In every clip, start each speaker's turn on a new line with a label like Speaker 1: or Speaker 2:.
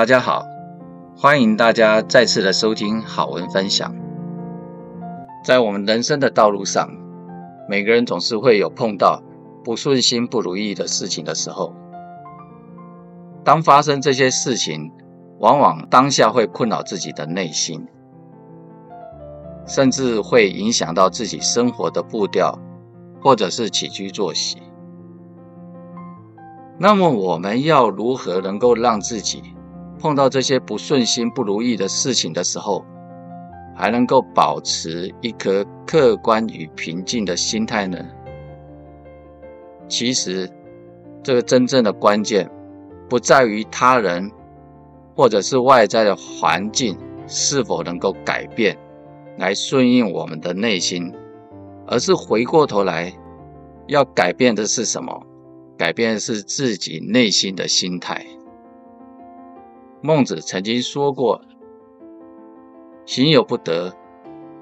Speaker 1: 大家好，歡迎大家再次的收聽好文分享。在我們人生的道路上，每個人總是會有碰到不順心、不如意的事情的時候。當發生這些事情，往往當下會困擾自己的內心，甚至會影響到自己生活的步調，或者是起居作息。那麼，我們要如何能夠讓自己？碰到這些不順心、不如意的事情的時候，還能夠保持一顆客觀與平靜的心態呢？其實，這個真正的關鍵不在於他人或者是外在的環境是否能夠改變，來順應我們的內心，而是回過頭來要改變的是什麼？改變的是自己內心的心態。孟子曾經說過：“行有不得，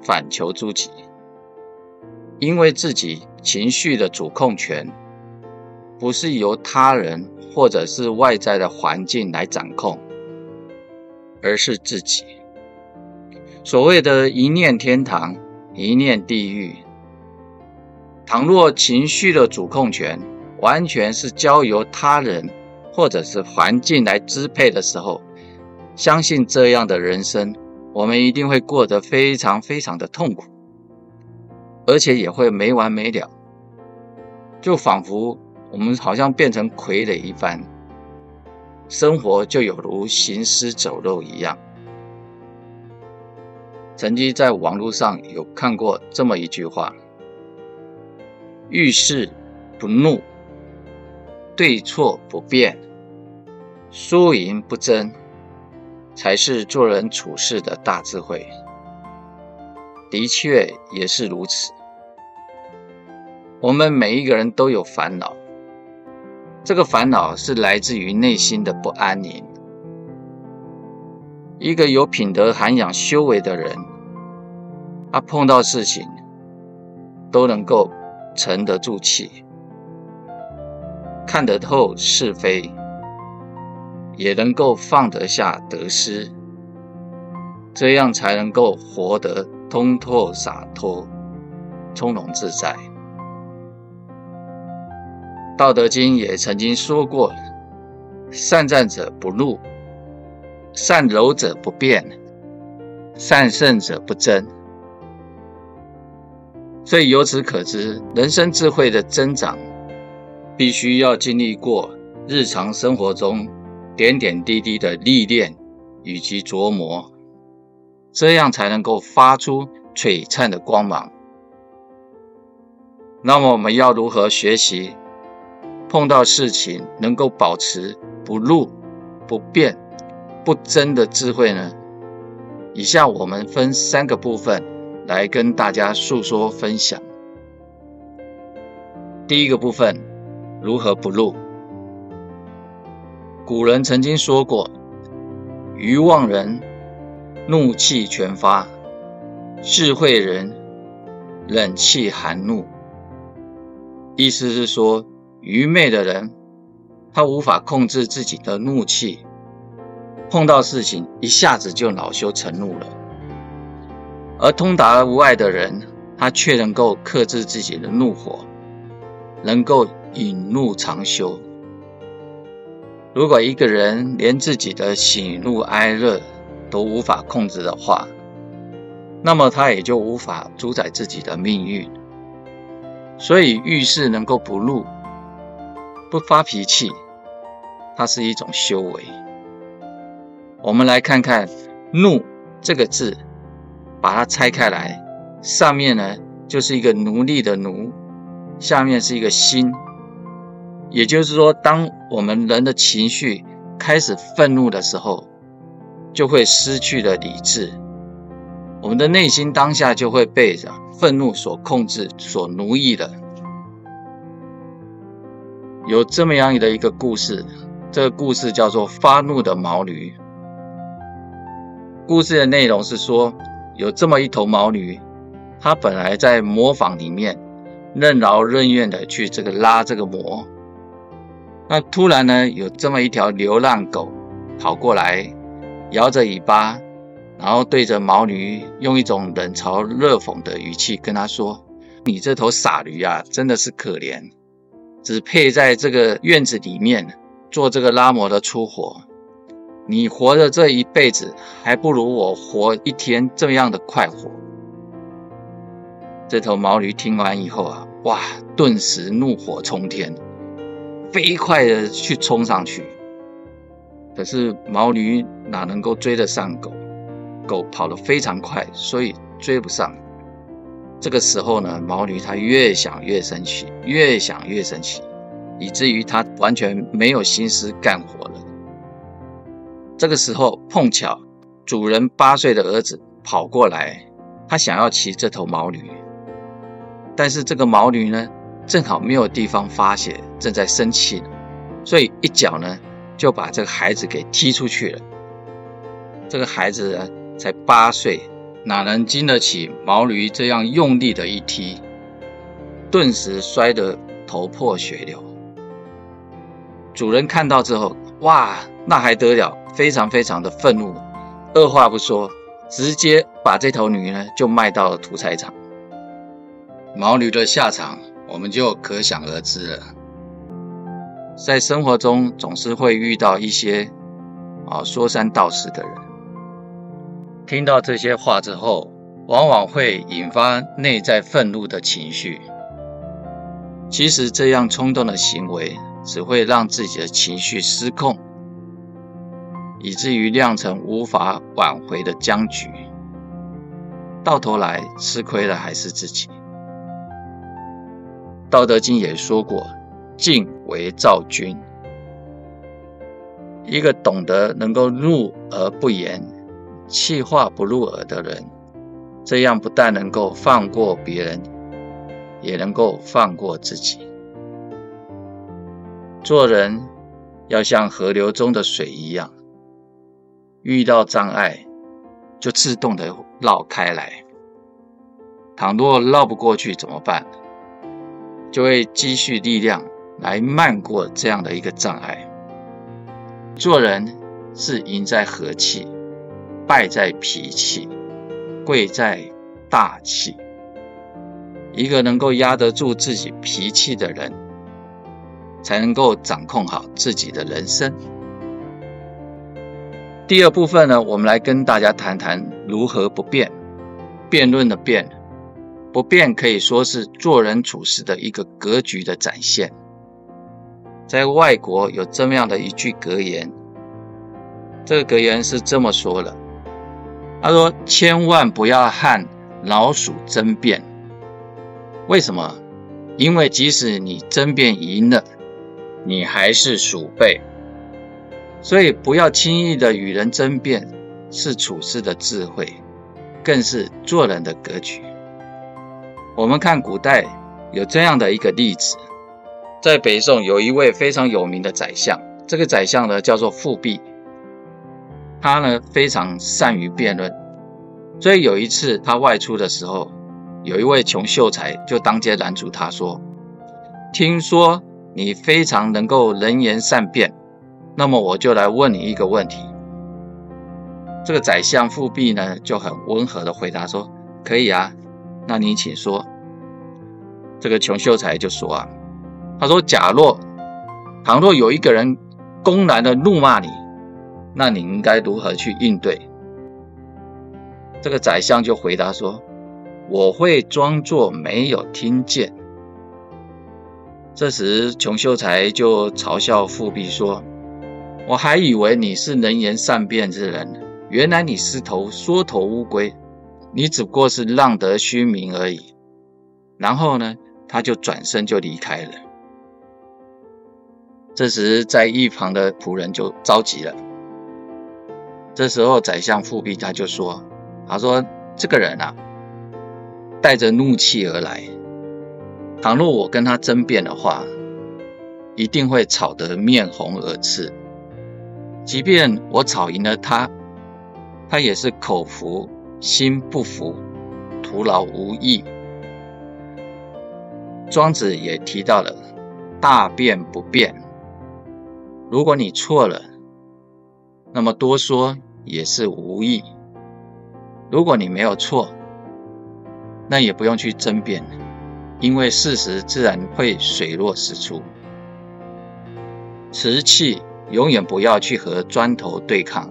Speaker 1: 反求諸己。”因為自己情緒的主控權不是由他人或者是外在的環境來掌控，而是自己。所謂的一念天堂，一念地獄。倘若情緒的主控權完全是交由他人或者是環境來支配的時候，相信這樣的人生，我們一定會過得非常非常的痛苦，而且也會沒完沒了。就仿佛我們好像變成傀儡一般，生活就有如行屍走肉一樣。曾經在網絡上有看過這麼一句話：遇事不怒，對錯不辯，輸贏不爭。才是做人處事的大智慧，的確也是如此。我們每一個人都有煩惱，這個煩惱是來自於內心的不安寧。一個有品德涵養、修為的人，他、啊、碰到事情都能夠沉得住氣，看得透是非。也能夠放得下得失，這樣才能夠活得通透灑脫、從容自在。道德經也曾經說過：“善戰者不怒，善柔者不辯，善勝者不爭。”所以由此可知，人生智慧的增長，必須要經歷過日常生活中。點點滴滴的歷練以及琢磨，這樣才能夠發出璀璨的光芒。那麼我們要如何學習，碰到事情能夠保持不怒、不辯、不爭的智慧呢？以下我們分三個部分來跟大家訴說分享。第一個部分，如何不怒？古人曾經說過：“愚妄人怒氣全發，智慧人冷氣含怒。”意思是說，愚昧的人他無法控制自己的怒氣，碰到事情一下子就惱羞成怒了；而通達無礙的人，他卻能夠克制自己的怒火，能夠隱怒長修。如果一個人連自己的喜怒哀樂都無法控制的話，那麼他也就無法主宰自己的命運。所以遇事能夠不怒、不發脾氣，它是一種修為。我們來看看“怒”這個字，把它拆開來，上面呢，就是一個奴隸的“奴”，下面是一個心。也就是說，當我們人的情緒開始憤怒的時候，就會失去了理智，我們的內心當下就會被憤怒所控制、所奴役了。有這麼樣的一個故事，這個故事叫做《發怒的毛驢》。故事的內容是說，有這麼一頭毛驢，它本來在磨坊裡面任勞任怨地去這個拉這個磨。那突然呢，有這麼一條流浪狗跑過來，搖着尾巴，然後對着毛驢用一種冷嘲熱諷的語氣跟他說：“你這頭傻驢啊，真的是可憐，只配在這個院子裡面做這個拉磨的粗活。你活的這一輩子，還不如我活一天這樣的快活。”這頭毛驢聽完以後啊，哇，頓時怒火衝天。飛快地去衝上去，可是毛驢哪能夠追得上狗？狗跑得非常快，所以追不上。這個時候呢，毛驢它越想越生氣，越想越生氣，以至於它完全沒有心思幹活了。這個時候碰巧主人八歲的兒子跑過來，他想要騎這頭毛驢。但是這個毛驢呢？正好沒有地方發洩，正在生氣，所以一腳呢就把這個孩子給踢出去了。這個孩子呢才八歲，哪能經得起毛驢這樣用力的一踢？頓時摔得頭破血流。主人看到之後，哇，那還得了？非常非常的憤怒，二話不說，直接把這頭驢呢就賣到了屠宰場。毛驢的下場，我們就可想而知了。在生活中，總是會遇到一些啊說三道四的人。聽到這些話之後，往往會引發內在憤怒的情緒。其實，這樣衝動的行為只會讓自己的情緒失控，以至於釀成無法挽回的僵局。到頭來，吃虧的還是自己。道德經也說過：“靜為躁君。”一個懂得能夠怒而不言、氣化不入耳的人，這樣不但能夠放過別人，也能夠放過自己。做人要像河流中的水一樣，遇到障礙就自動的繞開來。倘若繞不過去，怎麼辦？就會積蓄力量來漫過這樣的一個障礙。做人是贏在和氣，敗在脾氣，貴在大氣。一個能夠壓得住自己脾氣的人，才能夠掌控好自己的人生。第二部分呢，我們來跟大家談談如何不辯，辯論的辯。不辯可以說是做人處事的一個格局的展現。在外國有這麼樣的一句格言，這個格言是這麼說的：他說，千萬不要和老鼠爭辯。為什麼？因為即使你爭辯贏了，你還是鼠輩。所以，不要輕易的與人爭辯，是處事的智慧，更是做人的格局。我們看古代有這樣的一個例子，在北宋有一位非常有名的宰相，這個宰相呢叫做富弼，他呢非常善於辯論，所以有一次他外出的時候，有一位窮秀才就當街攔住他說：“聽說你非常能夠能言善辯，那麼我就來問你一個問題。”這個宰相富弼呢就很溫和的回答說：“可以啊，那你請說。”這個窮秀才就說：“啊，他說，假若倘若有一個人公然的怒罵你，那你應該如何去應對？”這個宰相就回答說：“我會裝作沒有聽見。”這時，窮秀才就嘲笑富弼說：“我還以為你是能言善辯之人，原來你是頭縮頭烏龜，你只不過是浪得虛名而已。”然後呢，他就轉身就離開了。這時，在一旁的僕人就着急了。這時候，宰相富弼他就說：“他說這個人啊，帶着怒氣而來。倘若我跟他爭辯的話，一定會吵得面紅耳赤。即便我吵贏了他，他也是口服心不服，徒勞無益。”莊子也提到了“大辯不辯”。如果你錯了，那麼多說也是無益；如果你沒有錯，那也不用去爭辯，因為事實自然會水落石出。瓷器永遠不要去和磚頭對抗。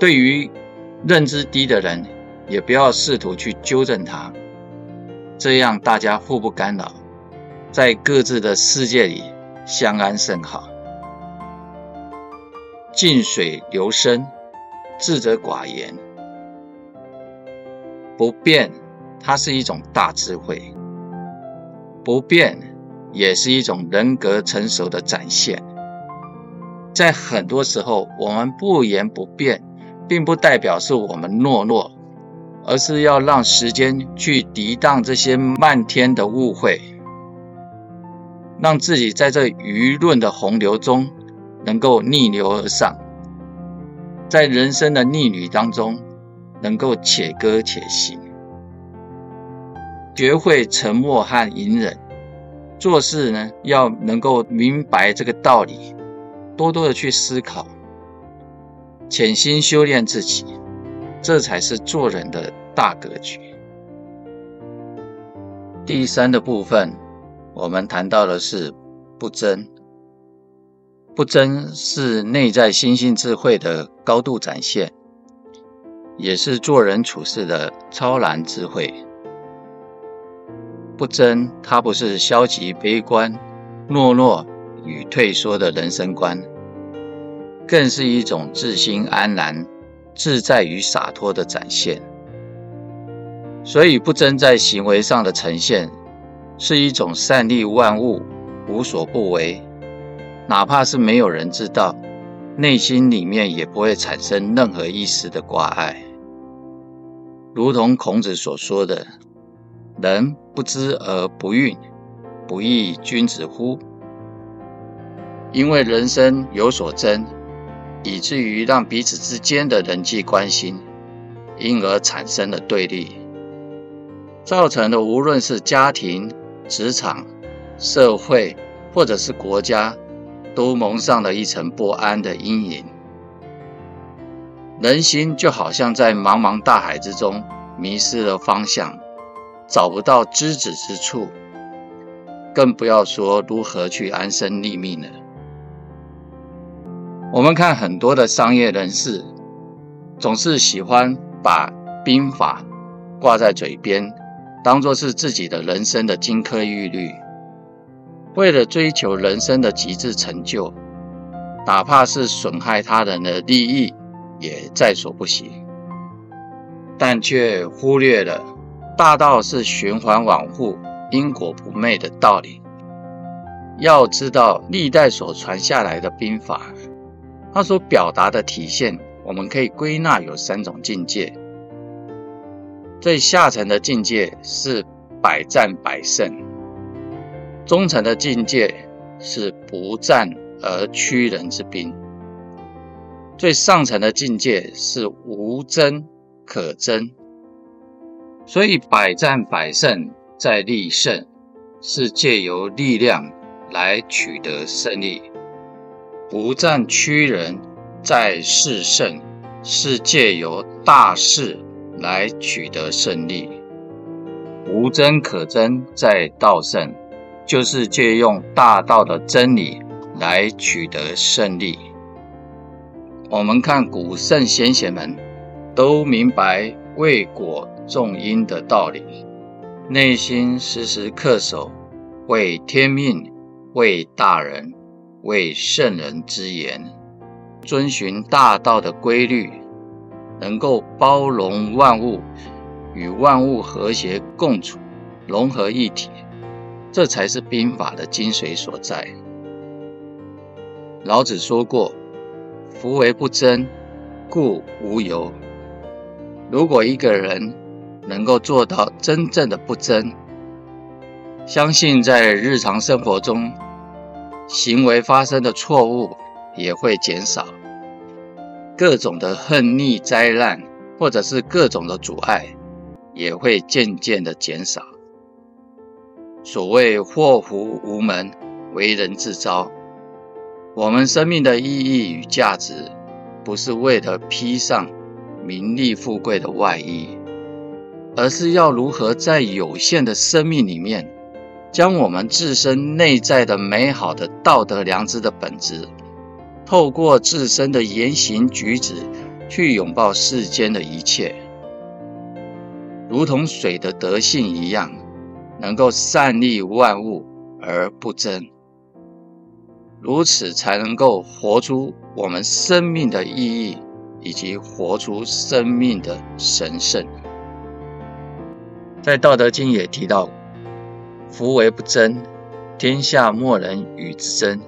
Speaker 1: 對於認知低的人，也不要試圖去糾正他。這樣大家互不干擾，在各自的世界裡相安甚好。靜水流深，智者寡言，不辯，它是一種大智慧；不辯，也是一種人格成熟的展現。在很多時候，我們不言不辯，並不代表是我們懦弱。而是要讓時間去滌蕩這些漫天的誤會，讓自己在這輿論的洪流中能夠逆流而上，在人生的逆旅當中能夠且歌且行，學會沉默和隱忍。做事呢，要能夠明白這個道理，多多的去思考，潛心修煉自己。這才是做人的大格局。第三的部分，我們談到的是不爭。不爭是內在心性智慧的高度展現，也是做人處事的超然智慧。不爭，它不是消極悲觀、懦弱與退縮的人生觀，更是一種自心安然，自在與灑脫的展現，所以不爭在行為上的呈現，是一種善利萬物、無所不為。哪怕是沒有人知道，內心裡面也不會產生任何一絲的掛礙。如同孔子所說的：“人不知而不慍，不亦君子乎？”因為人生有所爭。以至於讓彼此之間的人際關係，因而產生了對立，造成了無論是家庭、職場、社會，或者是國家，都蒙上了一層不安的陰影。人心就好像在茫茫大海之中迷失了方向，找不到知止之處，更不要說如何去安身立命了。我們看很多的商業人士，總是喜歡把兵法掛在嘴邊，當作是自己的人生的金科玉律。為了追求人生的極致成就，哪怕是損害他人的利益也在所不惜，但卻忽略了大道是循環往復、因果不昧的道理。要知道，歷代所傳下來的兵法。它所表達的體現，我們可以歸納有三種境界：最下層的境界是百戰百勝；中層的境界是不戰而屈人之兵；最上層的境界是無爭可爭。所以，百戰百勝在力勝，是借由力量來取得勝利。不戰屈人，在勢勝，是借由大勢來取得勝利；無爭可爭，在道勝，就是借用大道的真理來取得勝利。我們看古聖先賢，賢們，都明白為果重因的道理，內心時時恪守，為天命，為大人，為聖人之言，遵循大道的規律，能夠包容萬物，與萬物和諧共處，融合一體，這才是兵法的精髓所在。老子說過：“夫唯不爭，故無尤。”如果一個人能夠做到真正的不爭，相信在日常生活中。行為發生的錯誤也會減少，各種的橫逆災難或者是各種的阻礙也會漸漸的減少。所謂禍福無門，為人自招。我們生命的意義與價值，不是為了披上名利富貴的外衣，而是要如何在有限的生命裡面。將我們自身內在的美好的道德良知的本質，透過自身的言行舉止去擁抱世間的一切，如同水的德性一樣，能夠善利萬物而不爭，如此才能夠活出我們生命的意義，以及活出生命的神聖。在《道德經》也提到。夫唯不爭，天下莫能與之爭。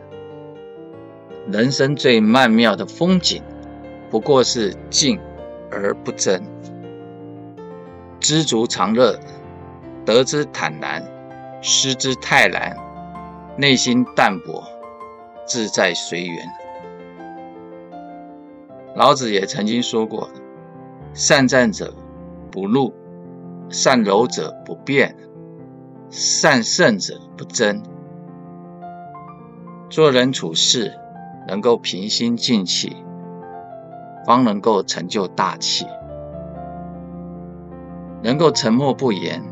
Speaker 1: 人生最曼妙的風景，不過是靜而不爭。知足常樂，得之坦然，失之泰然，內心淡泊，自在隨緣。老子也曾經說過：“善戰者不怒，善柔者不辯。”善勝者不爭，做人處事，能夠平心靜氣，方能夠成就大器。能夠沉默不言，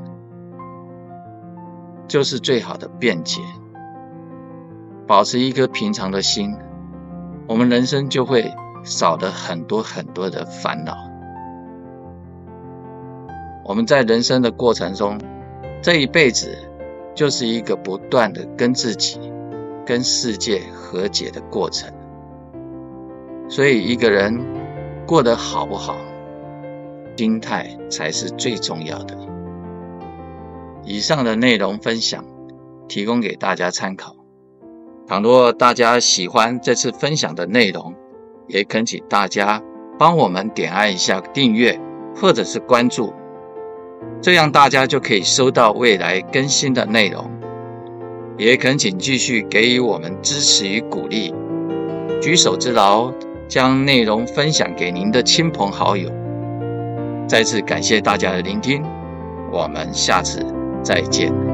Speaker 1: 就是最好的辯解。保持一顆平常的心，我們人生就會少了很多很多的煩惱。我們在人生的過程中，這一輩子，就是一個不斷地跟自己、跟世界和解的過程。所以，一個人過得好不好，心態才是最重要的。以上的內容分享，提供給大家參考。倘若大家喜歡這次分享的內容，也懇請大家幫我們點按一下訂閱或者是關注。這樣大家就可以收到未來更新的內容，也懇請繼續給予我們支持與鼓勵，舉手之勞將內容分享給您的親朋好友。再次感謝大家的聆聽，我們下次再見。